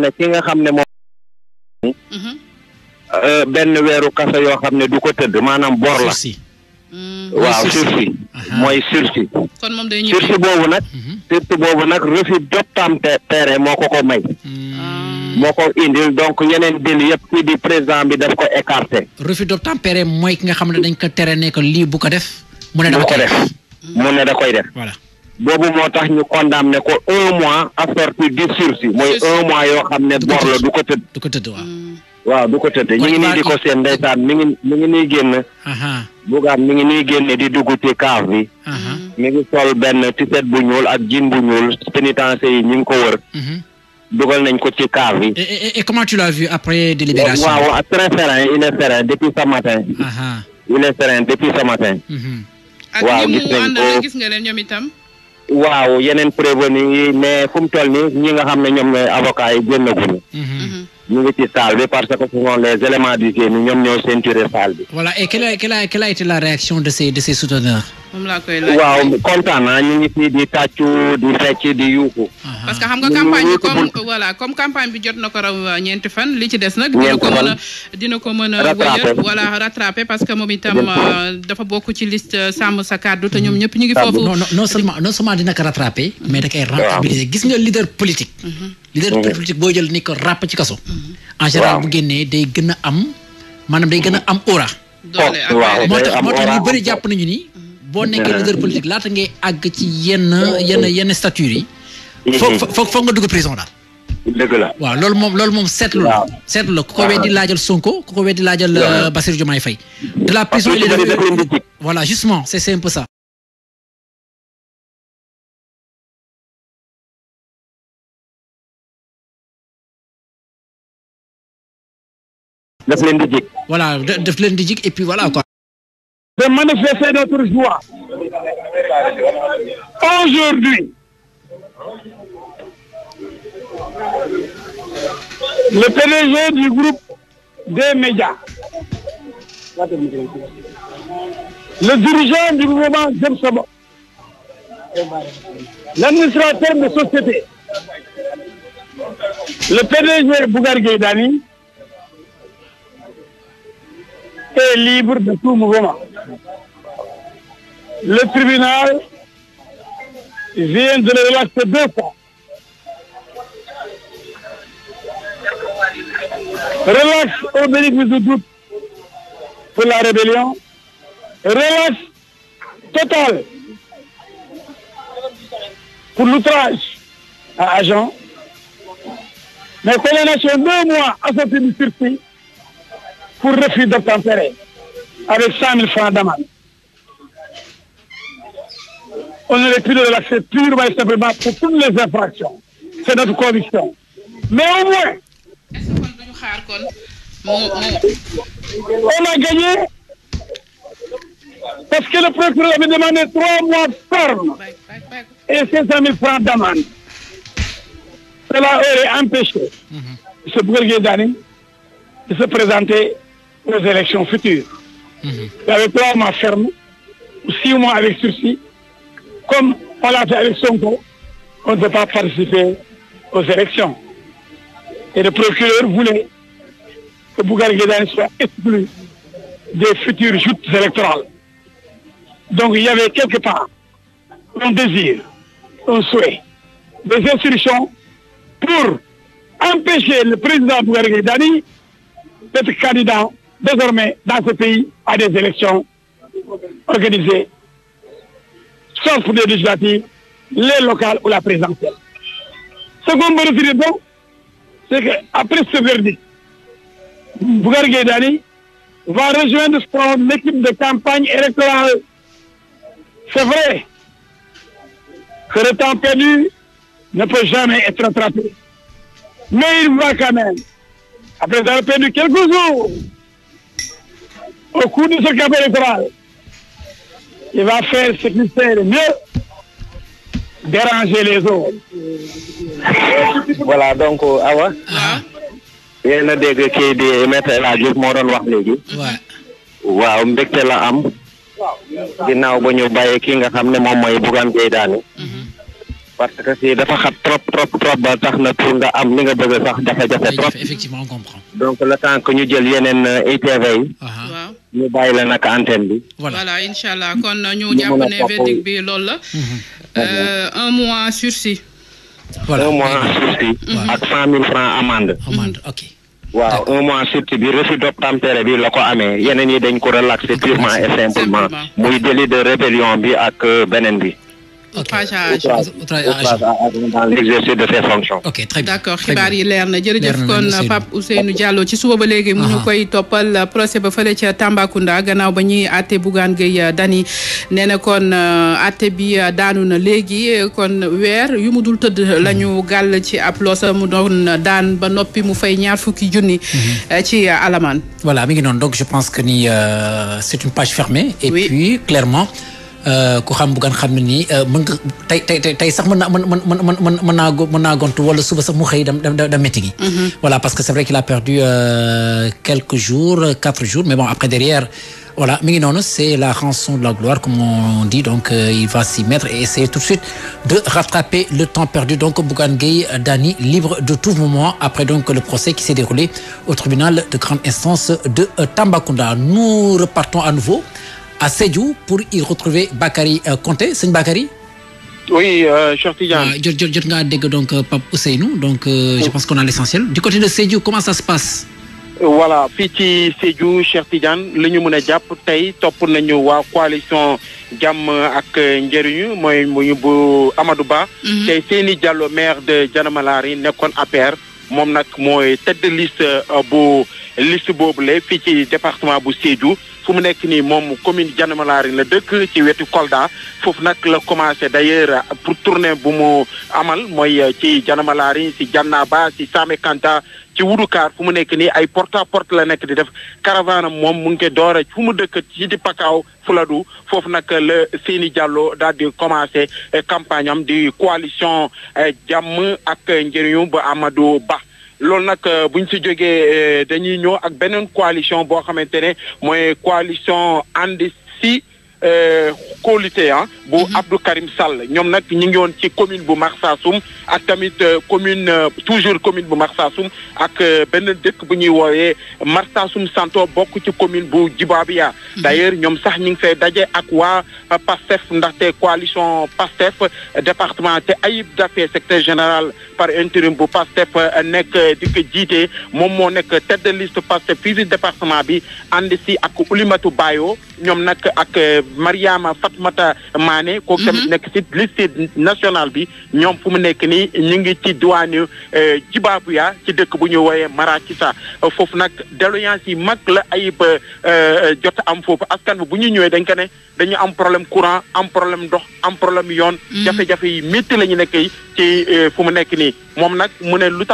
ne ki nga xam ne moom mhm. euh, benn weeru kaso yoo xam ne du ko tëdd maanaam bor la mm. waaw sursis mooy sursis sursis boobu nag mhm. sursis boobu nag refus d'obtempérer te moo ko ko may mm. moo ko indil donc yeneen délits yëpp kii di président bi daf ko écarté refus d'obtempérer mooy ki nga xam ne dañ ko tere nekk lii bu ko def mu ne da ko def mu ne da koy def voilà boobu moo tax ñu condamné ko un mois assorti du sursis mooy un mois yoo xam ne bor la du ko tëdd. du ko tëdd waaw. Mm. du ko tëdd ñu ngi nii di ko seen ndeysaan mi ngi mi ngi nii génn. bugaan mi ngi nii génne di dugg ci kaaf bi. Mm. mi ngi sol benn tiset bu ñuul ak jean bu ñuul pénitencier yi ñu ngi ko wër. Mhm. dugal nañ ko ci kaaf bi. et et comment tu l'as vu après délibération. waaw a serein il est serein depuis ce matin. il est depuis ce matin. Mhm. waaw gis waaw yeneen prévenu yi mais fu toll nii ñi nga xam ne ñoom ñooy avocat yi génnaguñu. Mhm. ñu ngi ci salle bi parce que ce sont les éléments du génie ñoom ñoo ceinturer salle bi. voilà et quelle a quelle a quelle a été la réaction de ces de moom laa koy laaj waaw kontaan naa ñu ngi fii di tàccu di fecc di yuuxu. parce que xam nga campagne bi comme voilà comme campagne bi jot na ko raw euh, ñeenti fan li ci des nag. dina ko mën a dina ko mën a wëyal voilà rattraper parce que moom itam euh, dafa bokk ci liste euh, sàmm sa kàddu te ñoom mm-hmm. ñëpp ñu ngi ah, foofu. non non seulement non seulement mais da koy rentabiliser mm-hmm. Mm-hmm. ci kaso. en bu génnee day gën a am maanaam day gën a am aura. Oh, moo tax moo tax ñu bëri jàpp nañu ni. boo nekkee leader politique laata ngay àgg ci yenn yenn oh. yenn statut yi. Mhm. foog foog foog nga dugg prison daal. dëgg la waaw loolu moom loolu moom seetlu la. seetlu la ku ko weddi laajal Sonko ku ko weddi laajal euh, Bassirou Diomaye Faye. de la prison il est leen di jig. voilà daf leen di de manifester notre joie. Aujourd'hui, le PDG du groupe des médias, le dirigeant du mouvement Zemsobo, de société, le PDG Bougar Dani, est libre de tout mouvement. Le tribunal vient de le relaxer deux fois. Relaxe au bénéfice du doute pour la rébellion. Relaxe total pour l'outrage à agent. Mais condamnation deux mois à du circuit pour refus d'obtempérer. avec 100 000 francs d'amende. On aurait pu le relaxer purement et simplement pour toutes les infractions. C'est notre conviction. Mais au moins, on a gagné parce que le procureur avait demandé trois mois ferme et 500 000 Cela aurait empêché mm se présenter aux élections futures. avec trois mois ferme six mois avec sursis comme on l'a fait avec Sonko on ne peut pas participer aux élections et le procureur voulait que Bougane Gueye soit exclu des futures joutes donc il y avait quelque part un désir un souhait des instructions pour empêcher le président Bougane Gueye d'être candidat désormais dans ce pays à des élections organisées, sauf pour législatives, les locales ou la présidentielle. Ce qu'on peut retirer donc, c'est qu'après ce verdict, Bougar Gaydani va rejoindre son équipe de campagne électorale. C'est vrai que le temps perdu ne peut jamais être rattrapé. Mais il va quand même, après avoir perdu quelques jours, au cours de ce camp électoral, il va faire ce qu'il sait le mieux, déranger les autres. voilà donc euh, Awa. Ah ah. yéen a dégg kii di maître El moo doon wax léegi. waaw mbégte la am. ginnaaw ba ñu bàyyi ki nga xam ne moom mooy Bougane Gueye Dany mhm. parce que si dafa xat trop trop trop ba tax na pour nga am li nga bëgg sax jafe-jafe trop. donc le temps ñu jël yeneen euh, ITV yi. ñu bàyyi la nag antenne bi. voilà incha allah kon ñu jàpp ne verdict bi loolu la. Mhm. Euh, un mois sursis. voilà un mois sursis. ak cent mille francs amende. waaw un mois surtout bi refus d'obtempérer bi la ko amee yeneen yi dañ ko relaxer purement et simplement muy délit de rébellion bi ak euh, beneen bi. outrage outrage ah, dans l'exercice xibaar yi leer na jërëjëf kon u Ousseynou jàlloo ci suba ba léegi. mu ñu ah. koy toppal procès ba fële ca Tambacounda gannaaw ba ñuy àtte Bougane Gueye Dany nee na kon euh, àtte bi euh, daanu na léegi kon weer yu mu dul tëdd lañu ñu hmm. gàll ci ab mu doon daan ba noppi mu fay ñaar fukki junni. Hmm. Euh, ci alamaan. voilà mi ngi noonu donc je pense que ni c'est une page Euh, ku xam bugan xam ne nii euh, mën nga tey tey tey sax mën naa mën mën mën mën naa mën naa gontu wala suba sax mu xëy dem dem métti gi. Mhm. voilà parce que c'est vrai qu'il a perdu euh, quelques jours quatre jours mais bon après derrière. Voilà, mais non, c'est la rançon de la gloire, comme on dit. Donc, euh, il va s'y mettre et essayer tout de suite de rattraper le temps perdu. Donc, Bougangay Dani, libre de tout moment après donc le procès qui s'est déroulé au tribunal de grande instance de Tambacounda. Nous repartons à nouveau à Sédhiou pour y retrouver Bakary euh, Konté sëñ Bakary. oui euh, Cheikh Tidiane. Ah, jot jot jot ngaa dégg donc euh, Pape Ousseynou donc je pense qu'on a l'essentiel du côté de Sédhiou comment ça se passe. voilà fii ci Sédhiou Cheikh Tidiane li ñu mën a jàpp tey topp nañu waa coalition jàmm ak njëriñu mooy bu Amadou Ba. Mhm. tey Seyni Diallo maire de Dianamalaari nekkoon APR. moom nag mooy tête de liste euh, bu boobu boobule fii ci département bu Sédhiou fu mu nekk nii moom commune Diana la dëkk ci wetu Kolda foofu nag la commencé d'ailleurs pour tournée bu mu amal mooy euh, ci Diana Malarine si Diana Ba ci wudukaar fu mu nekk nii ay porte porte la nekk di def caravane moom mu ngi koy doore fu mu dëkk ci di pakaaw fuladu foofu nag la Seyni jalloo daal di commencé eh, campagne am di coalition eh, jàmm ak njëriñu ba Amadou Ba loolu nag eh, bu ñu si jógee dañuy ñëw ak beneen coalition boo xamante ne mooy coalition andi si kóolute ah. bu mhm. Abdou Karim Sall ñoom nag ñu ngi woon ci commune bu Marsassoum ak tamit euh, commune euh, toujours commune bu Marsassoum ak euh, benn dëkk bu ñuy woowee Marsassoum Santo bokk ci commune bu Djibabia. Mhm. d'ailleurs ñoom sax ñu ngi fay daje ak waa PASTEF ndaxte coalition PASTEF département te Ayib Daffé secrétaire général par intérim bu PASTEF nekk dikk ko jiite moom moo nekk tête de liste PASTEF fii ci département bi ànd si ak Oulimatou Bayo ñoom nag ak. Mariama Fatmata Mané kooku tamit mhm. nekk ci liste nationale bi ñoom fu mu nekk nii ñu ngi ci diwaanu euh, Djibouya ci dëkk bu ñu wooyee Marakisa foofu nag doléance yi mag la ayib euh, jot am foofu askan bi bu ñuy ñëwee dañ kene dañu am problème courant am problème ndox am problème yoon mhm. jafe-jafe yi métti lañu ñu nekk ci euh, fu mu nekk nii moom nag mu ne lu tax